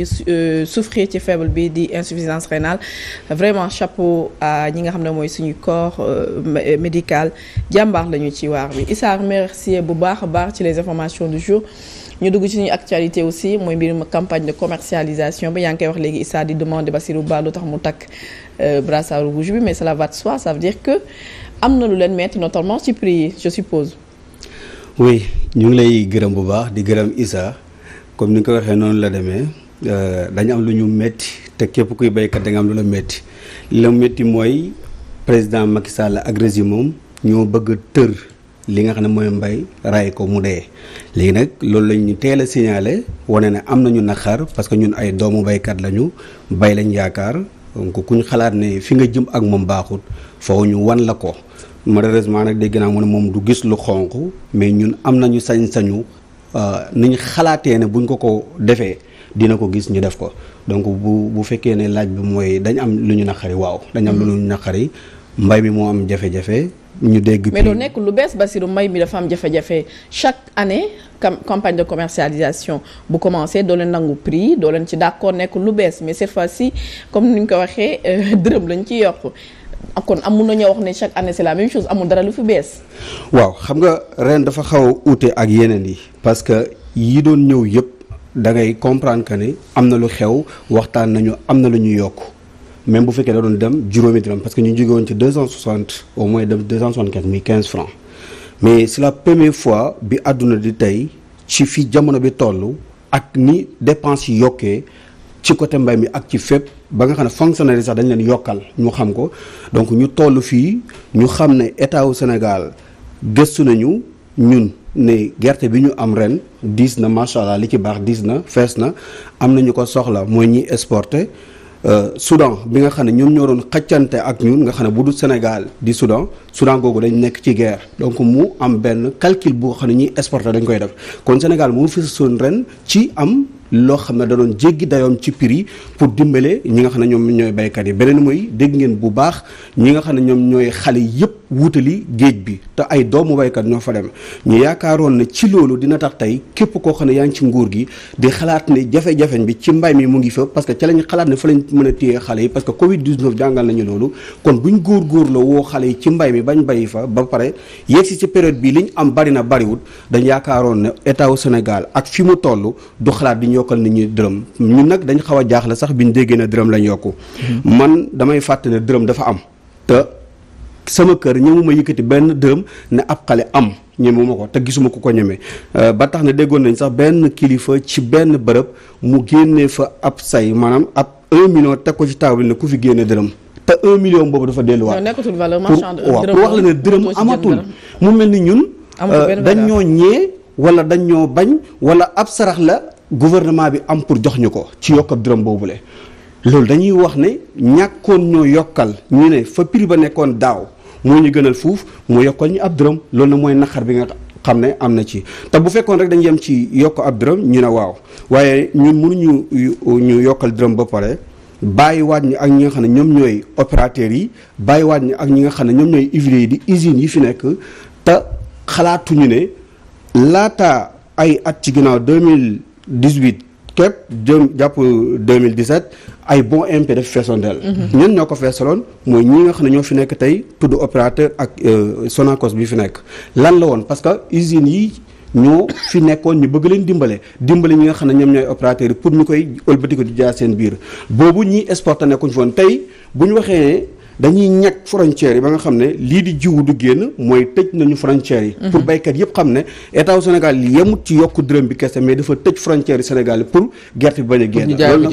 ñi euh, souffrir ci faible bi di insuffisance rénale vraiment chapeau à ñi nga xam ne mooy suñu corps euh, médical jàmbaar lañu ci waar bi Issa remercier bu baax a baax ci les informations du jour ñu dugg ci suñu actualité aussi mooy mbirum campagne de commercialisation bi yaa ngi koy wax léegi Issa di demande Bassirou Ba lu tax mu takk euh, brassard rouge bi mais cela va de soi veut dire que am na lu leen mettre notamment ci prix yi je suppose. oui ñu ngi lay gërëm bu baax di gërëm Issa comme ni nga ko waxee noonu la demee. Euh, dañu am lu ñu métti te képp kuy baykat da am lu la métti li la métti mooy président Macky Sall ak régime moom ñoo bëgg a tër li nga xam ne mooy mbay raay ko mu dee. léegi nag loolu lañ ñu teel a signalé wane ne am nañu naqar parce que ñun ay doomu béykat lañu bay lañ yaakaar donc ku ñu xalaat ne fi nga jëm ak moom baaxut foofu ñu wan la ko malheureusement nag dégg naa mu ne moom du gis lu xonq mais ñun am nañu sañ-sañu euh, ni ñu xalaatee ne buñ ko ko defee. dina ko gis ñu def ko donc bu bu fekkee ne laaj bi mooy dañ am lu ñu naqari waaw dañ am lu ñu naqari mbay mi moo am jafe-jafe ñu dégg. mais lu nekk lu bees Bassirou mbay mi dafa am jafe-jafe chaque année campagne de commercialisation bu commencé doo leen nangu prix doo leen ci d'accord nekk lu bees mais cette fois-ci comme ni ñu ko waxee euh, dërëm lañ ci yokk kon amul na ñoo wax ne chaque année c'est la même chose amul dara lu fi bees. waaw xam nga ren dafa xaw a ak yeneen yi parce que yi doon ñëw yëpp. dangay ngay comprendre ni am na lu xew waxtaan nañu am na lu ñu yokk même bu fekkee da doon dem juróomi dërëm parce que ñu jóge woon ci deux cent soixante au dem deux cent soixante quinze muy quinze francs mais c'est la première fois bi àdduna di tey ci fi jamono bi toll ak ni dépense yi yokkee ci côté mbay mi ak ci fépp ba nga xam ne fonctionnaire yi sax dañ leen yokkal ñu xam ko donc ñu toll fii ñu xam ne état wu Sénégal gëstu nañu ñun. ne gerte bi ñu am ren diis na macha allah li ci baax diis na fees na am na ñu ko soxla mooy ñiy exporté euh, Soudan bi nga xam ne ñoom ñoo doon xaccante ak ñun nga xam ne bu Sénégal di Soudan Soudan googu dañ nekk ci guerre donc mu am benn calcul boo xam ne ñiy exporté dañ koy def kon Sénégal moo fi son ren ci am loo xam ne da doon jéggi dayoom ci prix pour dimbale ñi nga xam ne ñoom ñooy béykat yi beneen mooy dégg ngeen bu baax ñi nga xam ne ñoom ñooy xale yëpp. wutali géej bi te ay doomu waykat ñoo fa dem ñu yaakaaroon na ci loolu dina tax tey képp koo xam ne yaa ngi ci nguur gi di xalaat ne jafe-jafeñ bi ci mbay mi mu ngi fa parce que ca lañ xalaat ne fa lañ mën a téye xale yi que Covid 19 jàngal nañu loolu kon buñ góorgóorlu woo xale yi ci mbay mi bañ bayi fa ba pare yegg ci période bii liñ am bari na bariwul dañ yaakaaroon na état wu ak fi mu toll du xalaat di yokkal nit ñu dërëm ñun nag dañ xaw a jaaxle sax biñ déggee na dërëm lañ yokku mm-hmm. man damay fàtte dërëm dafa am sama kër ñemuma yëkkati benn dërëm ne ab xale am ñemewuma ko te gisuma ko ko ñeme euh, ba tax na déggoon nañ sax benn kilifa ci benn bërëb mu génne fa ab say maanaam ab 1 million teg ko ci table ne ku fi génne dërëm te un million boobu dafa delluwaat. nekkatul valeur marchande waaw pour wax la ne dërëm amatul mu mel ni ñun. Euh, dañ ñoo ñee wala dañ ñoo bañ wala ab sarax la gouvernement bi am pour jox ñu ko ci yokk ab dërëm boobule. loolu dañuy wax ne ñàkkoon ñoo yokkal ñu ne fa prix ba nekkoon daaw moo ñu gënal fuuf moo yokkal ñu ab dërëm loolu na mooy naqar bi nga xam ne am na ci te bu fekkoon rek dañu yem ci yokk ab dërëm ñu ne waaw waaye ñun mënuñu ñu yokkal dërëm ba pare bàyyiwaat ñu ak ñi xam ne ñoom ñooy opérateurs yi bàyyiwaat ñu ak ñi nga xam ne ñoom ñooy huiliers yi di usines yi fi nekk te xalaatuñu ne laata ay at ci ginnaaw 2018 képp jëm jàpp 2017 ay bon MP daf feesoon dell mhm. ñun ñoo ko feesaloon mooy ñi nga xam ne ñoo fi nekk tey tudd opérateur ak euh, Sonacos bi fi nekk lan la woon parce que usines yi ñoo fi nekkoon ñu bëgg leen dimbale dimbale ñi nga xam ne ñoom ñooy opérateur yi pour ñu koy ëlbatiku di jaar seen biir boobu ñiy exporté nekkuñ foon tey bu ñu waxee dañuy ñag frontières yi ba nga xam ne lii di jiwu du génn mooy tëj nañu frontières yi mhm. pour béykat yëpp xam ne état wu Sénégal yemut ci yokk dërëm bi kese mais dafa tëj frontières yi Sénégal pour gerte bi bañ a génn loolu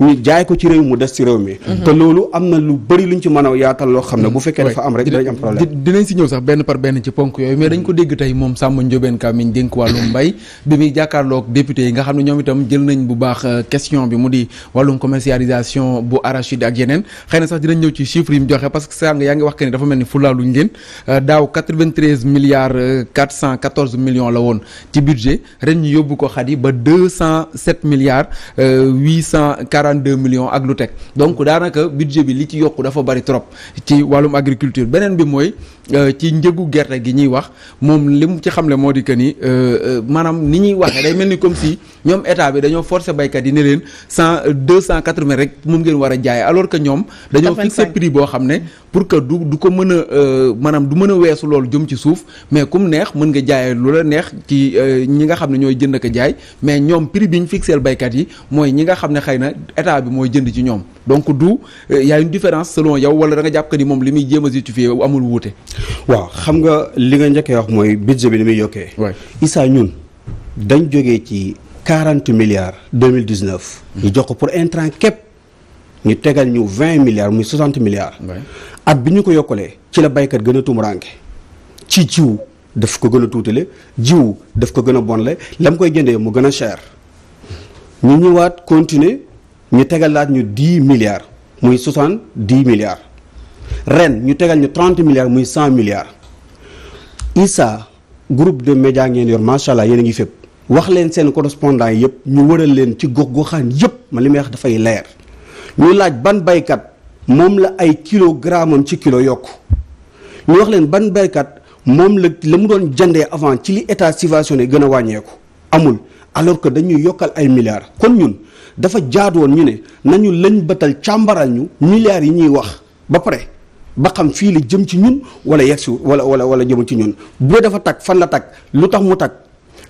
ñu jaay ko ci réew mu des ci réew mi mhm. loolu am na lu bëri luñ ci mën yaatal loo xam ne mhm. bu fekkee dafa am rek dinañ am problème sax benn par benn ci ponk yooyu mais dañ ko dégg tey moom Samba Ndiobène Ka miñ dénk wàllum yi nga xam ne ñoom itam jël nañ bu baax euh, question bi mu di wàllum commercialisation bu arachide ak yeneen xëy na sax dinañ ñëw ci chiffre yi mu joxe parce que sàng yaa ngi wax que ni dafa mel ni fulaaluñ leen euh, daaw 93 milliards 414 euh, millions la woon ci budget ren ñu yóbbu ko xat yi ba 207 milliards 842 euh, millions ak lu teg donc daanaka budget bi li ci yokku dafa bari trop ci wàllum agriculture beneen bi mooy ci njëgu gerte gi ñuy wax moom li mu ci xamle moo di que ni maanaam ni ñuy waxee day mel ni comme si ñoom état bi dañoo force baykat yi ne leen cent deux cent quatre rek moom ngeen war a jaayee alors que ñoom dañoo fixé prix boobu boo xam ne pour que du du ko mën euh, maanaam du mën a weesu loolu jëm ci suuf mais kum neex mën nga jaayee lu la neex ci euh, ñi nga xam ne ñooy jënd ko jaay mais ñoom prix bi ñu fixeel baykat yi mooy ñi nga xam ne xëy na état bi mooy jënd ci ñoom donc du euh, y différence selon yow wala danga nga jàpp que ni moom li muy jéem a justifier amul wuute. waaw xam nga li nga njëkkee wax mooy budget bi ni muy yokkee. waay Issa ñun dañ jógee ci quarante milliards deux mille dix neuf. Mmh. ñu jox ko pour intrant képp. ñu tegal ñu vingt milliards muy soixante milliards. at bi ñu ko yokkalee ci la baykat gën a tumuraanke ci jiw daf ko gën a tuutale jiw daf ko gën a bonle lam koy jëndee mu gën a cher ñu ñëwaat continuer ñu tegalaat ñu dix milliards muy soixante dix milliards ren ñu tegal ñu trente milliards muy cent milliards ISA groupe de médias ngeen yor macha allah yéen a ngi fépp wax leen seen correspondant yëpp ñu wëral leen ci gox goxaan yëpp ma li may dafay leer. ñu laaj ban baykat moom la ay kilo am ci kilo yokk ñu wax leen ban baykat moom la la mu doon jëndee avant ci li état subventionné gën a wàññeeku amul alors que dañuy yokkal ay milliards kon ñun dafa jaad woon ñu ne nañu lañ bëtal càmbaral ñu milliards yi ñuy wax ba pare ba xam fii la jëm ci ñun wala yegsi wala wala wala jëmul ci ñun bu dafa tag fan la tag lu tax mu tag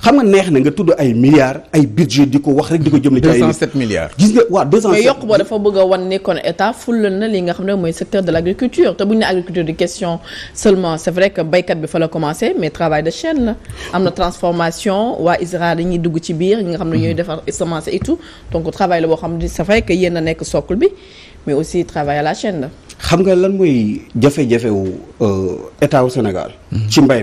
xam nga neex na nga tudd ay milliards ay budget di ko wax rek di ko jëmale. ci ay 207 milliards. gis nga waaw 207 mais yokk boo dafa bëgg wan ne état fulal na li nga xam ne mooy secteur de l' agriculture te bu ñu ne agriculture de question seulement c' est vrai que baykat bi fa la commencé mais travail de chaîne la am na transformation waa ISRA dañuy dugg ci biir ñi nga xam ne ñooy defar semence et tout donc travail la boo xam ne c' est nekk socle bi mais aussi travail à la chaîne la. xam nga lan mooy jafe-jafe wu euh, état wu mm-hmm. mbay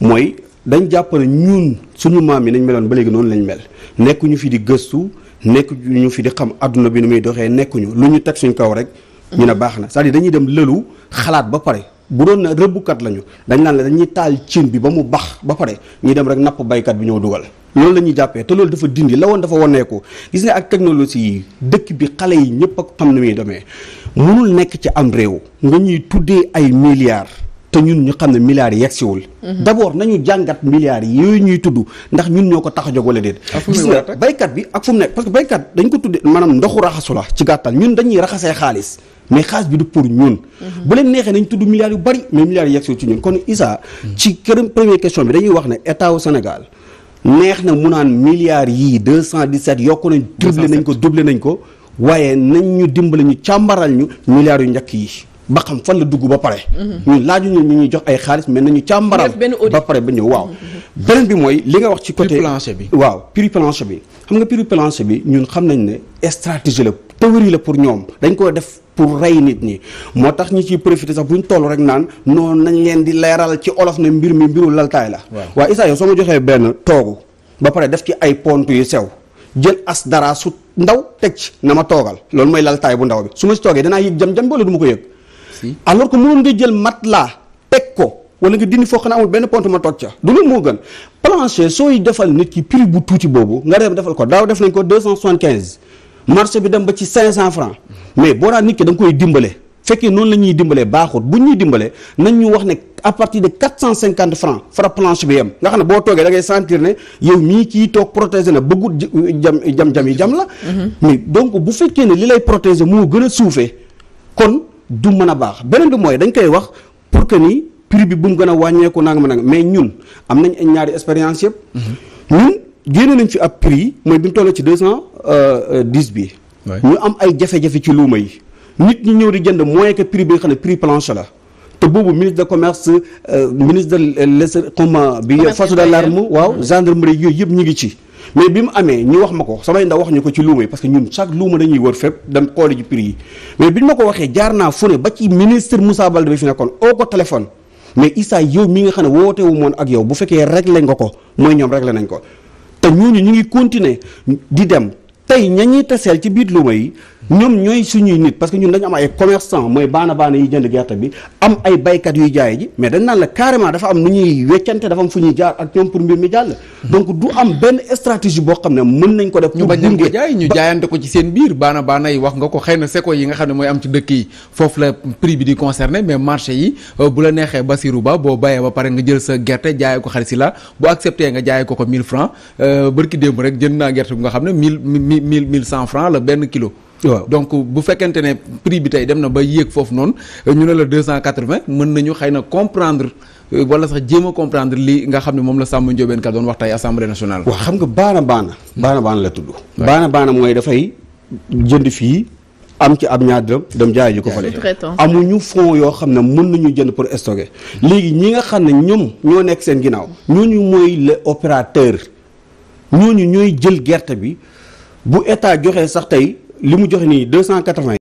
mi dañ jàpp ne ñun suñu maam yi nañ meloon ba léegi noonu lañ mel nekkuñu fi di gëstu ñu fi di xam àdduna bi nu muy doxee nekkuñu lu ñu teg suñu kaw rek. ñu ne baax na cest yi dañuy dem lëlu xalaat ba pare bu doon na rëbbukat lañu dañ naan la dañuy taal cin bi ba mu bax ba pare ñu dem rek napp baykat bi ñëw dugal. loolu la ñuy jàppee te loolu dafa dindi la woon dafa waneeku gis nga ak technologie yi dëkk bi xale yi ñëpp ak xam ni muy demee mënul nekk ci am réew nga ñuy tuddee ay milliards. te ñun ñu xam ne milliards yi yegsiwul mhm. d' abord nañu jàngat milliards yi yooyu ñuy tudd ndax ñun ñoo ko tax a jóg wala déet ah, gis nga baykat bi ak fu mu nekk parce baykat dañ ko tudde maanaam ndoxu raxasu la ci gàttal ñun dañuy raxasee xaalis mais xaalis bi du pour ñun mhm. bu leen neexee nañ tudd milliards yu bari mais milliards yi yegsiwul ci ñun kon Issa mhm. ci këram première question bi dañuy wax ne état au Sénégal neex na mu naan milliards yii 217 yokku nañ doublé nañ ko doublé nañ ko waaye nañ ñu dimbali ñu càmbaral ñu milliards yu yi ba xam fan la dugg ba pare. Mhm. ñun laajuñu ñu ñuy jox ay xaalis mais nañu càmbaral ba pare ba ñëw waaw. Mhm. beneen bi mooy li nga wax ci côté. prix bi waaw prix plancher bi. xam nga prix plancher bi ñun xam nañ ne stratégie la théorie la pour ñoom dañ ko def pour rey nit ñi moo tax ñi ciy profité sax bu ñu toll rek naan noonu nañ leen di leeral ci olof ne mbir mi mbiru laltaay la. waaw Issa yow soo ma joxee benn toogu ba pare def ci ay pont yu sew jël as dara su ndaw teg ci na ma toogal loolu mooy laltaay bu ndaw bi su ma toogee danaa yëg jam jam boole du ma ko yëg. si alors que mënoon nga jël matelas teg ko wala nga dindi foo xam ne amul benn pont ma toog ca du loolu moo gën plancher sooy defal nit ki prix bu tuuti boobu nga ko daaw def nañ ko 275 marché bi dem ba ci 500 francs mais boo daan nit da nga koy dimbale fekkee noonu la ñuy dimbalee baaxut bu ñuy dimbalee nañ ñu wax ne à partir de 450 francs fra planche bi yem nga xam ne boo toogee da ngay sentir ne yow mii kii toog protégé na bëggut jam jam jam yi jam la mm-hmm. mais donc ne li lay protégé moo gën a suufee kon du mën a baax beneen bi mooy dañ koy wax pour que ni prix bi bu mu gën a wàññeeku nangam nangam mais ñun am nañ ñaari expérience yëpp. Mhm. ñun génne nañ fi ab prix mooy bi mu toll ci deux cent euh, dix bi. ñu am ay jafe-jafe ci luuma yi. nit ñi ñëw di jënd mooy que prix bi nga xam ne prix planche la. te boobu ministre de commerce euh, ministre de l' euh, comme bi. force de l'arme waaw mhm. gendarmerie yooyu yëpp ñu ngi ci. mais bi mu amee ñu wax ma ko samay ndaw wax ñu ko ci luuma yi parce que ñun chaque luuma dañuy wër fépp dem xooli ji prix yi mais bi ñu ma ko waxee jaar naa fu ne ba ci ministre Moussa Baldé bi fi nekkoon oo ko téléphone mais Issa yow mi nga xam ne woote moon ak yow bu fekkee réglé nga ko mooy ñoom réglé nañ ko te ñooñu ñu ngi continuer di dem tey ña ñuy taseel ci biir luuma yi ñoom ñooy suñuy nit parce que ñun dañu am ay commerçant mooy baana baana yi jënd gerte bi am ay baykat yuy jaay ji mais dañ naan la carrément dafa am nu ñuy weccante dafa am fu ñuy jaar ak ñoom pour mbir mi jàll donc du am benn stratégie boo xam ne mën nañ ko def ñu bañ ñu jaayante ko ci seen biir baana yi wax nga ko xëy na seko yi nga xam ne mooy am ci dëkk yi foofu la prix bi di concerné mais marché yi euh, bu la neexee Basirou Ba boo bayee ba pare nga jël sa gerte jaayee ko xarisi la bu accepté nga jaayee ko ko 1000 francs euh, bërki démb rek jënd gerte bu nga xam ne 1000 1000 1100 francs la benn kilo waaw donc bu fekkente ne prix bi tey dem na ba yéeg foofu noonu ñu ne la deux cent quatre-vingts mën nañu xëy na comprendre euh, wala sax jéema comprendre li nga xam ne moom la sàmm njobeen Ka doon wax tey assemblée nationale. waaw xam nga baana baana. baana baana la tuddu baana baana mooy dafay jënd fii. am ci ab ñaar dërëm dem jaay ji ko fële amuñu fonds yoo xam ne mën nañu jënd pour stocker léegi ñi nga xam ne ñoom ñoo nekk seen ginnaaw ñooñu mooy le opérateur ñooñu ñooy jël gerte bi bu état joxee sax tey li mu joxe ni deux cent quatre-vingt